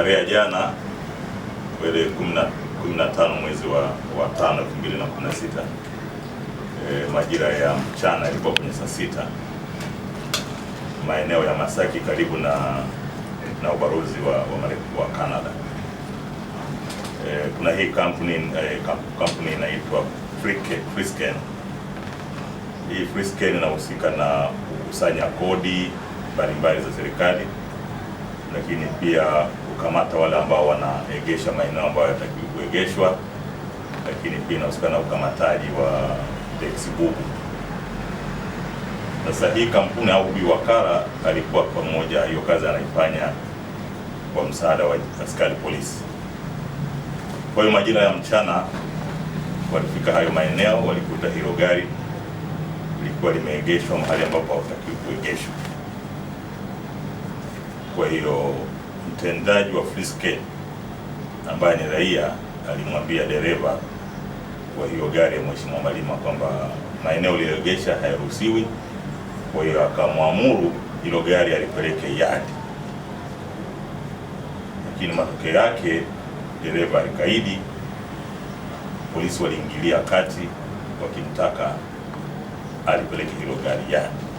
tarehe ya jana tarehe 15 mwezi wa, wa 5 2016 e, majira ya mchana ilikuwa kwenye saa sita maeneo ya Masaki karibu na na ubalozi wa, wa, wa Canada. E, kuna hii kampuni e, kampuni inaitwa Frisken. Hii Frisken inahusika na kukusanya kodi mbalimbali za serikali lakini pia kukamata wale ambao wanaegesha maeneo ambayo yatakiwa kuegeshwa, lakini pia inahusika na ukamataji wa teksi bubu. Sasa hii kampuni au huyu wakala alikuwa pamoja, hiyo kazi anaifanya kwa msaada wa askari polisi. Kwa hiyo majira ya mchana walifika hayo maeneo, walikuta hilo gari lilikuwa limeegeshwa mahali ambapo hawatakiwi kuegeshwa. Kwa hiyo mtendaji wa Frisket ambaye ni raia alimwambia dereva kwa hiyo gari ya Mheshimiwa Malima kwamba maeneo liloegesha hayaruhusiwi. Kwa hiyo akamwamuru hilo gari alipeleke yadi, lakini matokeo yake dereva alikaidi. Polisi waliingilia kati wakimtaka alipeleke hilo gari yadi.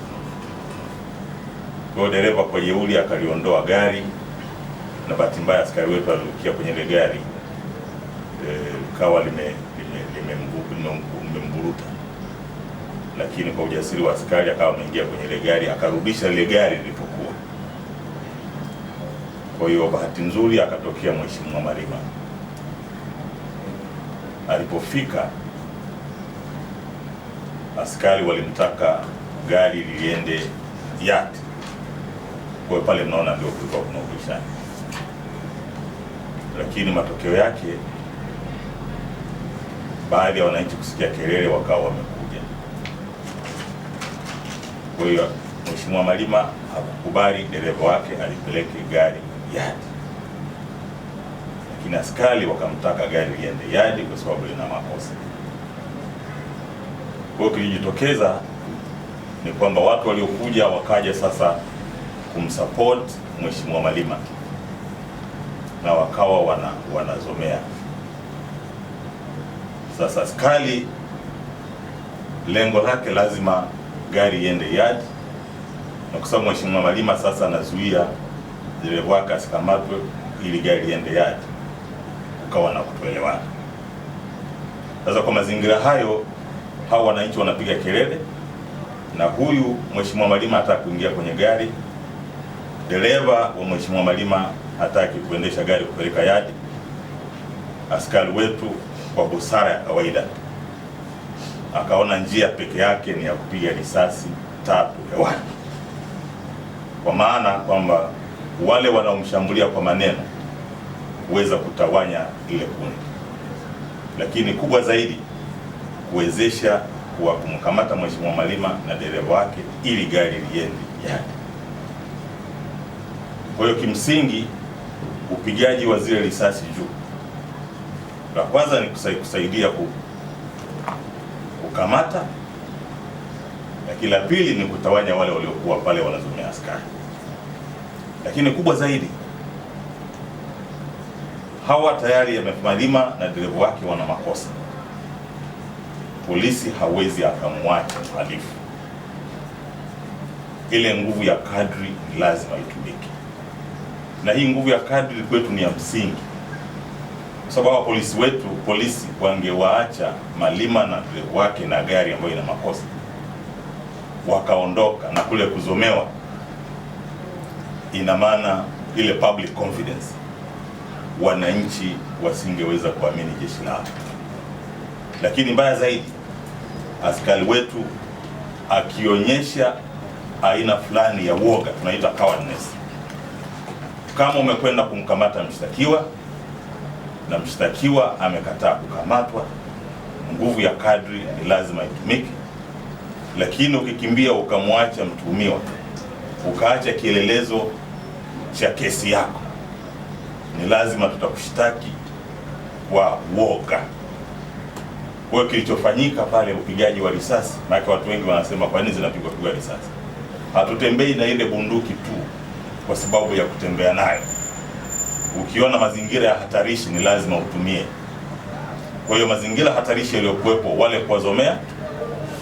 Kwa hiyo dereva kwa jeuri akaliondoa gari, na bahati mbaya askari wetu alirukia kwenye ile gari e, likawa e, lime limemburuta, lakini kwa ujasiri wa askari akawa ameingia kwenye ile gari akarudisha ile gari lilipokuwa. Kwa hiyo bahati nzuri akatokea Mheshimiwa Malima alipofika askari walimtaka gari liliende yati kwa pale mnaona ndio kulikuwa kuna ubishani, lakini matokeo yake baadhi ya wananchi kusikia kelele wakawa wamekuja. Kwa hiyo Mheshimiwa Malima hakukubali dereva wake alipeleke gari yadi, lakini askari wakamtaka gari liende yadi kwa sababu lina makosa. Kwa hiyo kilijitokeza ni kwamba watu waliokuja wakaja sasa kumsupport Mheshimiwa Malima na wakawa wana, wanazomea. Sasa skali lengo lake lazima gari iende yard, na kwa sababu Mheshimiwa Malima sasa anazuia zile waka sikamatwe ili gari iende yard, ukawa na kutoelewana. Sasa kwa mazingira hayo, hao wananchi wanapiga kelele na huyu Mheshimiwa Malima hata kuingia kwenye gari dereva wa Mheshimiwa Malima hataki kuendesha gari kupeleka yadi. Askari wetu kwa busara ya kawaida akaona njia peke yake ni ya kupiga risasi tatu hewani, kwa maana kwamba wale wanaomshambulia kwa maneno kuweza kutawanya ile kundi, lakini kubwa zaidi kuwezesha kuwa kumkamata Mheshimiwa Malima na dereva wake ili gari liende yadi. Kwa hiyo kimsingi upigaji wa zile risasi juu, la kwanza ni kusaidia kukamata, lakini la pili ni kutawanya wale waliokuwa pale wanazumia askari, lakini kubwa zaidi hawa tayari yamemalima na dereva wake wana makosa. Polisi hawezi akamwacha mhalifu, ile nguvu ya kadri ni lazima itumike na hii nguvu ya kadri kwetu ni ya msingi, kwa sababu hawa polisi wetu, polisi wangewaacha Malima na dereva wake na gari ambayo ina makosa wakaondoka na kule kuzomewa, ina maana ile public confidence, wananchi wasingeweza kuamini jeshi lao. Lakini mbaya zaidi, askari wetu akionyesha aina fulani ya uoga, tunaita cowardness, kama umekwenda kumkamata mshtakiwa na mshtakiwa amekataa kukamatwa, nguvu ya kadri ni lazima itumike. Lakini ukikimbia ukamwacha mtuhumiwa, ukaacha kielelezo cha kesi yako, ni lazima tutakushtaki kwa uoga. Kwa hiyo kilichofanyika pale, upigaji wa risasi, maana watu wengi wanasema kwa nini zinapigwa pigwa risasi? Hatutembei na ile bunduki tu kwa sababu ya kutembea nayo. Ukiona mazingira ya hatarishi, ni lazima utumie. Kwa hiyo mazingira hatarishi yaliyokuwepo, wale kuwazomea,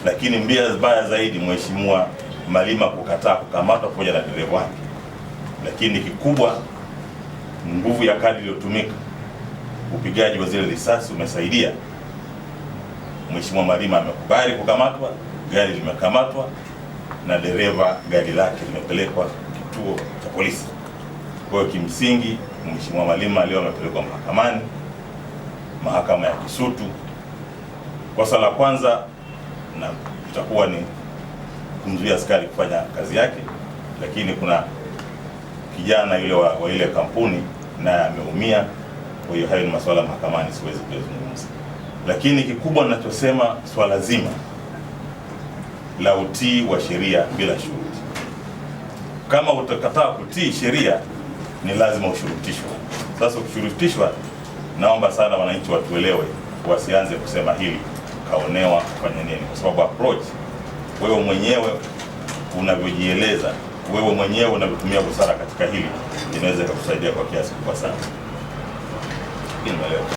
lakini mbia mbaya zaidi, mheshimiwa Malima kukataa kukamatwa pamoja na dereva wake. Lakini kikubwa, nguvu ya kadi iliyotumika, upigaji wa zile risasi umesaidia. Mheshimiwa Malima amekubali kukamatwa, gari limekamatwa na dereva gari lake limepelekwa kituo cha polisi. Kwa hiyo kimsingi, Mheshimiwa Malima leo amepelekwa mahakamani, mahakama ya Kisutu. Kosa la kwanza na itakuwa ni kumzuia askari kufanya kazi yake, lakini kuna kijana yule wa, wa ile kampuni naye ameumia. Kwa hiyo hayo ni masuala mahakamani, siwezi kuyazungumza, lakini kikubwa ninachosema swala zima la utii wa sheria bila shuruti kama utakataa kutii sheria, ni lazima ushurutishwe. Sasa ukishurutishwa, naomba sana wananchi watuelewe, wasianze kusema hili kaonewa, kufanya nini, kwa sababu approach wewe mwenyewe unavyojieleza wewe mwenyewe unavyotumia busara katika hili inaweza ikakusaidia kwa kiasi kubwa sana.